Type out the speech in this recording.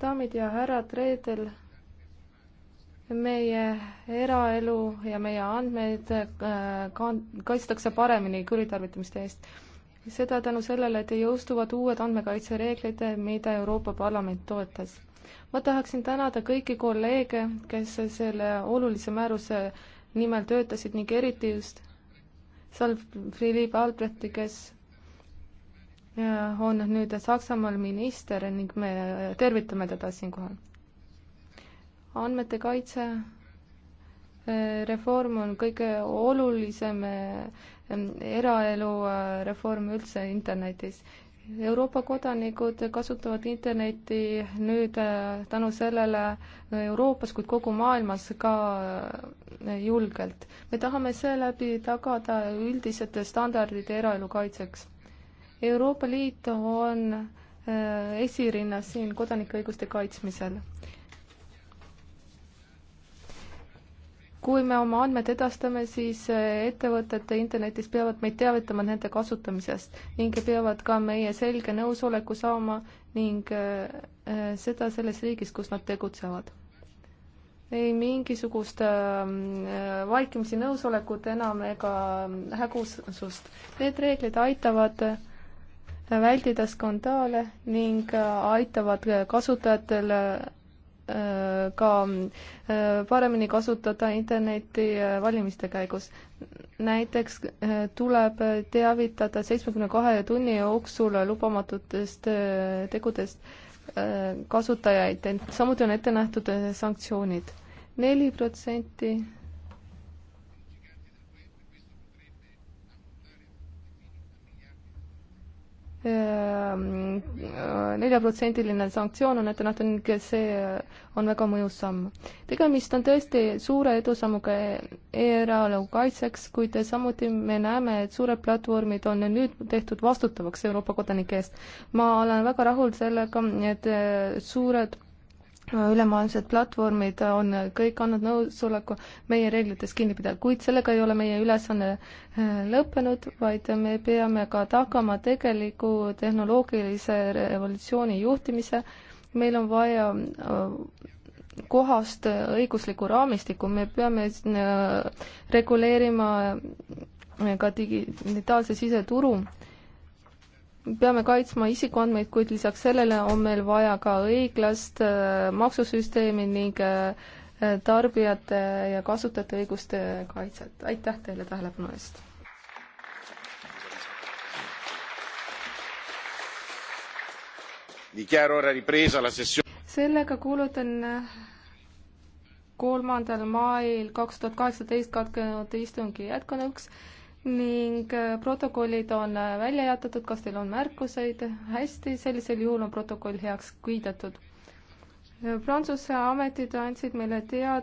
daamid ja härrad, reedel meie eraelu ja meie andmeid äh, kaitstakse paremini kuritarvitamiste eest. seda tänu sellele, et jõustuvad uued andmekaitsereeglid, mida Euroopa Parlament toetas. ma tahaksin tänada kõiki kolleege, kes selle olulise määruse nimel töötasid ning eriti just Salv Philippe Albrechti, kes on nüüd Saksamaal minister ning me tervitame teda siinkohal. andmete kaitse äh, reform on kõige olulisem äh, eraelu äh, reform üldse internetis. Euroopa kodanikud kasutavad Internetti nüüd tänu sellele Euroopas, kuid kogu maailmas ka julgelt. me tahame seeläbi tagada üldised standardid eraelu kaitseks Euroopa Liit on äh, esirinnas siin kodanikuõiguste kaitsmisel. kui me oma andmed edastame, siis äh, ettevõtted internetis peavad meid teavitama nende kasutamisest ning peavad ka meie selge nõusoleku saama ning äh, seda selles riigis, kus nad tegutsevad. ei mingisugust ähm, vaikimisi nõusolekut enam ega ähm, hägusust. Need reeglid aitavad vältida skandaale ning äh, aitavad kasutajatel äh, ka äh, paremini kasutada Internetti valimiste käigus. näiteks tuleb teavitada seitsmekümne kahe tunni jooksul lubamatutest tegudest kasutajaid, samuti on ette nähtud sanktsioonid. neli protsenti neljaprotsendiline sanktsioon on ette nähtud ning see on väga mõjus samm. tegemist on tõesti suure edusammuga ERA-le kaitseks, kuid samuti me näeme, et suured platvormid on nüüd tehtud vastutavaks Euroopa kodanike eest. ma olen väga rahul sellega, et suured ülemaailmsed platvormid on kõik andnud nõusoleku meie reeglitest kinni pidada, kuid sellega ei ole meie ülesanne äh, lõppenud, vaid me peame ka tagama tegeliku tehnoloogilise revolutsiooni juhtimise. meil on vaja äh, kohast õiguslikku raamistikku, me peame äh, reguleerima ka digitaalse siseturu äh, peame kaitsma isikuandmeid, kuid lisaks sellele on meil vaja ka õiglast äh, maksusüsteemi ning äh, äh, tarbijate ja kasutajate õiguste kaitset. aitäh teile tähelepanu eest! sellega kuulutan kolmandal mail kaks tuhat kaheksateist katkenud istungi jätkunuks ning äh, protokollid on äh, välja jaotatud, kas teil on märkuseid? hästi, sellisel juhul on protokoll heaks kiidetud. Prantsuse ametid andsid meile teada,